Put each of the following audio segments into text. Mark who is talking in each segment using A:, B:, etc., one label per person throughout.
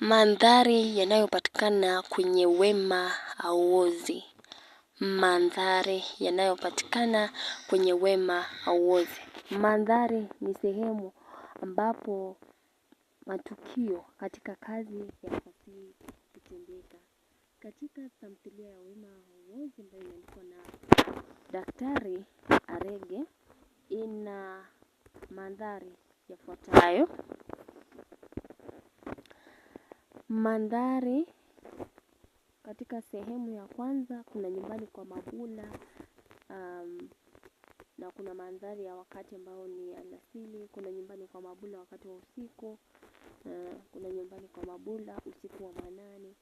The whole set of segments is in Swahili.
A: Mandhari yanayopatikana kwenye Wema Hauozi. Mandhari yanayopatikana kwenye Wema Hauozi. Mandhari ni sehemu ambapo matukio katika kazi ya fasihi hutendeka. Katika tamthilia ya Wema Hauozi ambayo imeandikwa na Daktari Arege ina mandhari yafuatayo. Mandhari katika sehemu ya kwanza kuna nyumbani kwa mabula um, na kuna mandhari ya wakati ambao ni alasiri, kuna nyumbani kwa mabula wakati wa usiku, uh, kuna nyumbani kwa mabula usiku wa manane.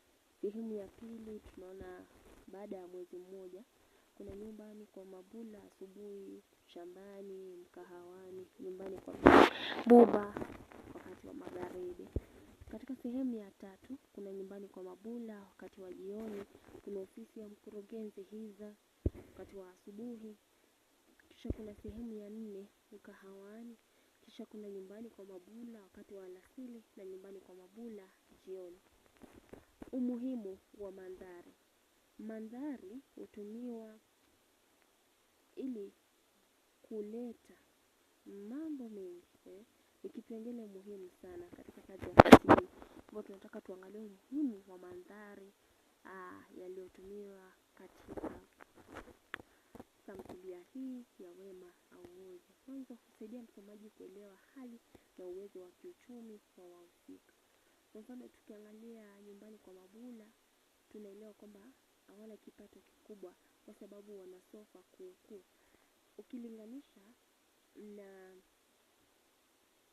A: Sehemu ya pili tunaona baada ya mwezi mmoja, kuna nyumbani kwa mabula asubuhi, shambani, mkahawani, nyumbani kwa buba. ni kwa mabula, wakati wa jioni kuna ofisi ya mkurugenzi hiza, wakati wa asubuhi. Kisha kuna sehemu ya nne mkahawani, kisha kuna nyumbani kwa mabula wakati wa alasiri na nyumbani kwa mabula jioni. Umuhimu wa mandhari. Mandhari hutumiwa ili kuleta mambo mengi. Eh, ni kipengele muhimu sana katika kazi ya fasihi ambapo tunataka tuangalie umuhimu wa mandhari ah, yaliyotumiwa katika tamthilia hii ya Wema au Uozo. Kwanza husaidia msomaji kuelewa hali na uwezo wa kiuchumi wa wahusika. Kwa mfano, tukiangalia nyumbani kwa Mabula, tunaelewa kwamba hawana kipato kikubwa kwa sababu wanasofa kuukuu ukilinganisha na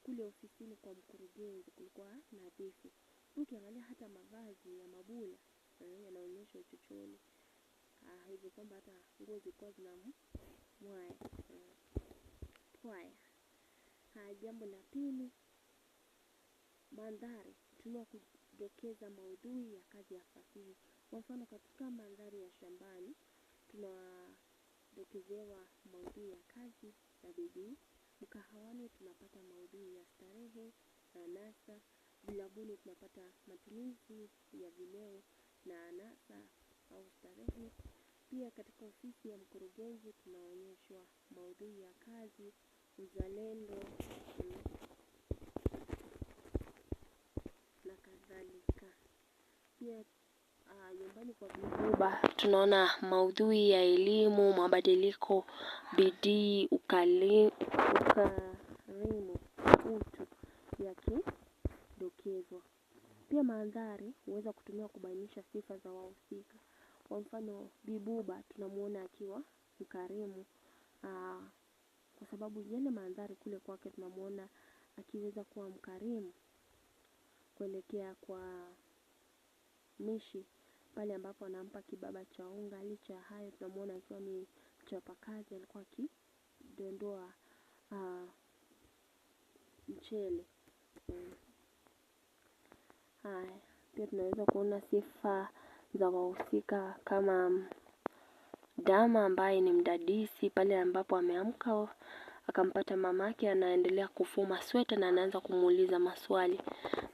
A: kule ofisini kwa mkurugenzi kulikuwa nadhifu. Ukiangalia hata mavazi ya Mabula eh, yanaonyesha uchochole ah, hivyo kwamba hata nguo zilikuwa zina mwaya pwaya. Eh, ah, jambo la pili, mandhari hutumiwa kudokeza maudhui ya kazi ya fasihi. Kwa mfano, katika mandhari ya shambani tunadokezewa maudhui ya kazi ya bidii Mkahawani tunapata maudhui ya starehe na anasa, vilabuni tunapata matumizi ya vileo na anasa au starehe. Pia katika ofisi ya mkurugenzi tunaonyeshwa maudhui ya kazi, uzalendo na kadhalika. Pia ah, nyumbani kwa
B: vikoba tunaona maudhui ya elimu, mabadiliko, bidii ukarimu utu yakidokezwa. Pia mandhari huweza kutumiwa kubainisha sifa za wahusika. Kwa mfano Bibuba tunamuona akiwa mkarimu ah, kwa sababu yale mandhari kule kwake tunamuona akiweza kuwa mkarimu kuelekea kwa Mishi pale ambapo anampa kibaba cha unga licha ya hayo tunamuona akiwa ni mchapakazi alikuwa aki kudondoa ah, mchele. Haya, pia tunaweza kuona sifa za wahusika kama dama ambaye ni mdadisi pale ambapo ameamka akampata mamake anaendelea kufuma sweta na anaanza kumuuliza maswali.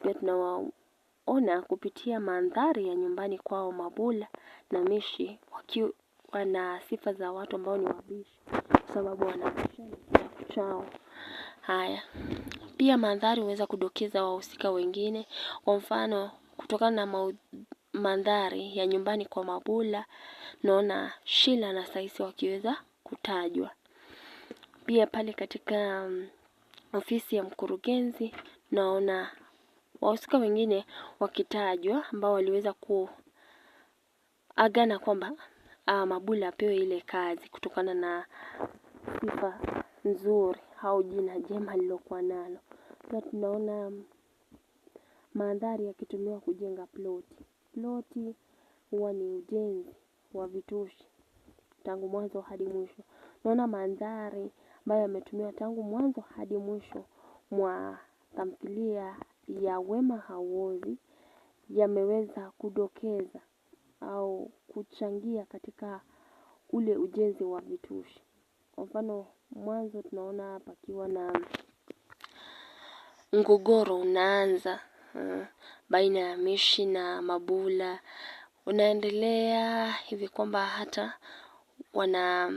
B: Pia tunawaona kupitia mandhari ya nyumbani kwao Mabula na Mishi wakiwa wana sifa za watu ambao ni wabishi, kwa sababu wanabisha chao. Haya, pia mandhari huweza kudokeza wahusika wengine, kwa mfano kutokana na mandhari ya nyumbani kwa Mabula, naona Shila na Saisi wakiweza kutajwa. Pia pale katika um, ofisi ya mkurugenzi naona wahusika wengine wakitajwa ambao waliweza kuagana kwamba Ah, Mabula apewe ile kazi kutokana na sifa nzuri au jina jema alilokuwa nalo. Pia tunaona mm, mandhari yakitumiwa kujenga ploti. Ploti huwa ni ujenzi wa vitushi tangu mwanzo hadi mwisho. Tunaona mandhari ambayo yametumiwa tangu mwanzo hadi mwisho mwa tamthilia ya Wema Hauozi yameweza kudokeza au kuchangia katika ule ujenzi wa vitushi. Kwa mfano mwanzo tunaona pakiwa na mgogoro unaanza eh, baina ya Meshi na Mabula unaendelea hivi kwamba hata wana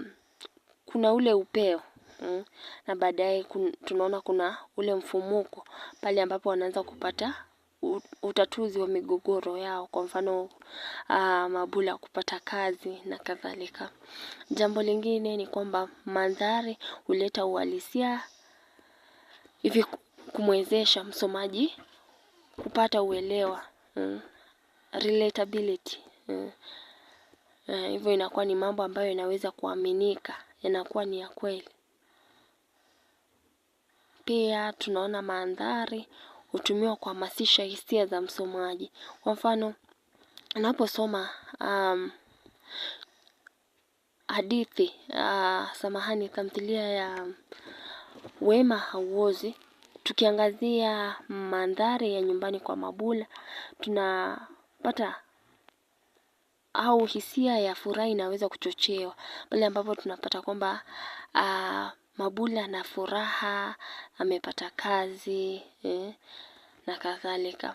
B: kuna ule upeo eh, na baadaye tunaona kuna ule mfumuko pale ambapo wanaanza kupata utatuzi wa migogoro yao kwa mfano uh, mabula kupata kazi na kadhalika. Jambo lingine ni kwamba mandhari huleta uhalisia hivi kumwezesha msomaji kupata uelewa mm. relatability mm. Uh, hivyo inakuwa ni mambo ambayo yanaweza kuaminika, yanakuwa ni ya kweli. Pia tunaona mandhari hutumiwa kuhamasisha hisia za msomaji. Kwa mfano, unaposoma um, hadithi uh, samahani, tamthilia ya Wema Hauozi, tukiangazia mandhari ya nyumbani kwa Mabula, tunapata au hisia ya furaha inaweza kuchochewa pale ambapo tunapata kwamba uh, Mabula ana furaha, amepata kazi eh, na kadhalika.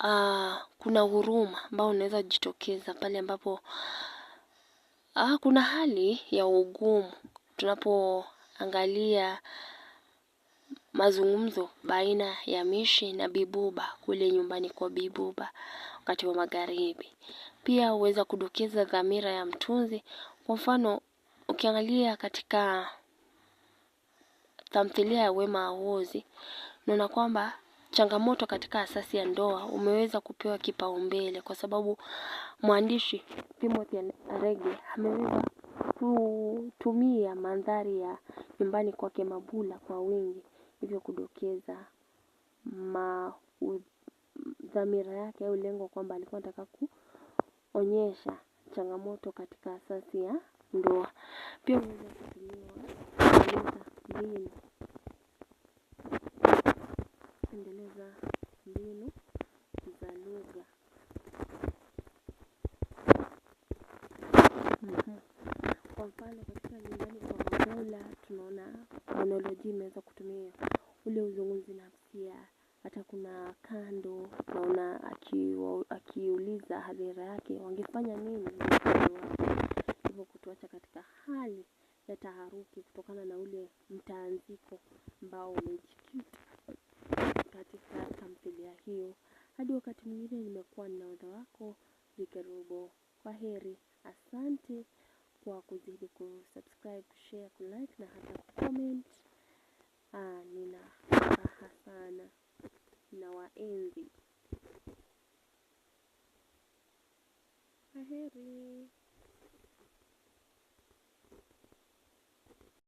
B: Ah, kuna huruma ambao unaweza jitokeza pale ambapo ah, kuna hali ya ugumu tunapoangalia mazungumzo baina ya Mishi na bibuba kule nyumbani kwa bibuba wakati wa magharibi. Pia huweza kudokeza dhamira ya mtunzi kwa mfano ukiangalia katika tamthilia ya Wema Awozi unaona kwamba changamoto katika asasi ya ndoa umeweza kupewa kipaumbele kwa sababu mwandishi Timothy Arege ameweza kutumia mandhari ya nyumbani kwake Mabula kwa wingi, hivyo kudokeza dhamira yake au lengo kwamba alikuwa anataka kuonyesha changamoto katika asasi ya ndoa.
A: Pia unaweza kutumiwa mbinu, kuendeleza mbinu za lugha. Mhm. Kwa mfano katika nyumbani kwa Mola tunaona monolojia imeweza kutumia ule uzungumzi nafsia hata kuna kando naona akiuliza hadhira yake wangefanya nini hivyo kutuacha katika hali ya taharuki kutokana na ule mtaanziko ambao umejikita katika tamthilia hiyo. Hadi wakati mwingine, nimekuwa nahodha wako Vikerubo. Kwa heri, asante kwa kuzidi kusubscribe, kushare, kulike na hata kucomment. Ah, nina furaha sana na waenzi. Kwa heri.